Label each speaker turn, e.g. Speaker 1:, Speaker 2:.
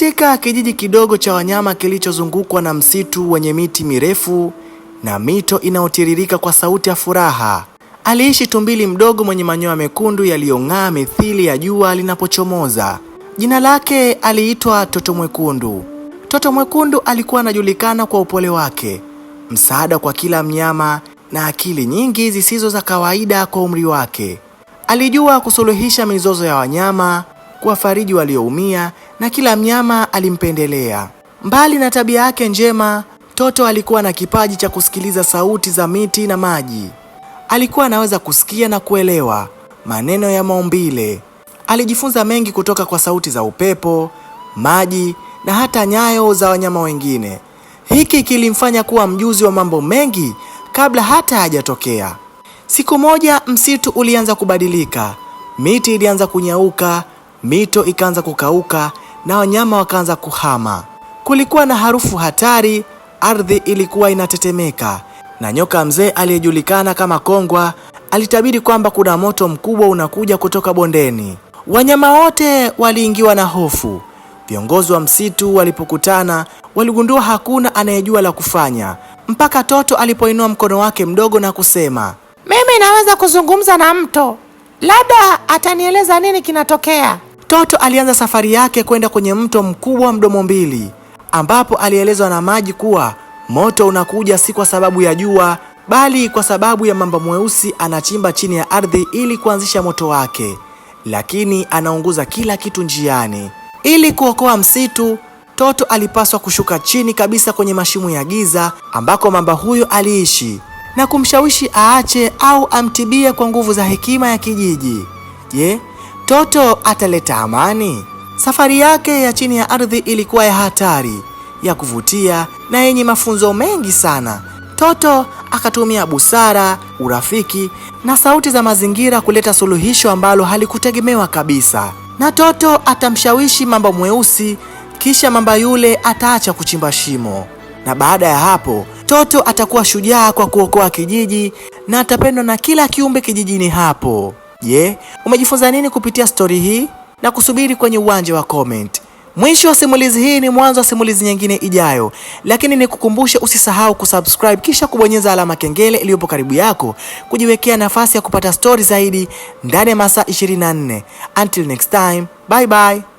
Speaker 1: Katika kijiji kidogo cha wanyama kilichozungukwa na msitu wenye miti mirefu na mito inayotiririka kwa sauti ya furaha, aliishi tumbili mdogo mwenye manyoya mekundu yaliyong'aa mithili ya jua linapochomoza. Jina lake aliitwa Toto Mwekundu. Toto Mwekundu alikuwa anajulikana kwa upole wake, msaada kwa kila mnyama na akili nyingi zisizo za kawaida kwa umri wake. Alijua kusuluhisha mizozo ya wanyama, kuwafariji walioumia na kila mnyama alimpendelea. Mbali na tabia yake njema, Toto alikuwa na kipaji cha kusikiliza sauti za miti na maji. Alikuwa anaweza kusikia na kuelewa maneno ya maumbile. Alijifunza mengi kutoka kwa sauti za upepo, maji na hata nyayo za wanyama wengine. Hiki kilimfanya kuwa mjuzi wa mambo mengi kabla hata hajatokea. Siku moja msitu ulianza kubadilika. Miti ilianza kunyauka, mito ikaanza kukauka na wanyama wakaanza kuhama. Kulikuwa na harufu hatari, ardhi ilikuwa inatetemeka, na nyoka mzee aliyejulikana kama Kongwa alitabiri kwamba kuna moto mkubwa unakuja kutoka bondeni. Wanyama wote waliingiwa na hofu. Viongozi wa msitu walipokutana, waligundua hakuna anayejua la kufanya, mpaka Toto alipoinua mkono wake mdogo na kusema,
Speaker 2: mimi naweza kuzungumza na mto, labda atanieleza nini kinatokea.
Speaker 1: Toto alianza safari yake kwenda kwenye mto mkubwa Mdomo Mbili, ambapo alielezwa na maji kuwa moto unakuja si kwa sababu ya jua, bali kwa sababu ya mamba mweusi anachimba chini ya ardhi ili kuanzisha moto wake, lakini anaunguza kila kitu njiani. Ili kuokoa msitu, Toto alipaswa kushuka chini kabisa kwenye mashimo ya giza ambako mamba huyo aliishi na kumshawishi aache au amtibie kwa nguvu za hekima ya kijiji. Je, mtoto ataleta amani. Safari yake ya chini ya ardhi ilikuwa ya hatari, ya kuvutia na yenye mafunzo mengi sana. Toto akatumia busara, urafiki na sauti za mazingira kuleta suluhisho ambalo halikutegemewa kabisa. Na Toto atamshawishi mamba mweusi, kisha mamba yule ataacha kuchimba shimo, na baada ya hapo Toto atakuwa shujaa kwa kuokoa kijiji na atapendwa na kila kiumbe kijijini hapo. Je, yeah, umejifunza nini kupitia stori hii? Na kusubiri kwenye uwanja wa comment. Mwisho wa simulizi hii ni mwanzo wa simulizi nyingine ijayo, lakini nikukumbushe, usisahau kusubscribe kisha kubonyeza alama kengele iliyopo karibu yako, kujiwekea nafasi ya kupata stori zaidi ndani ya masaa 24. Until next time, bye bye.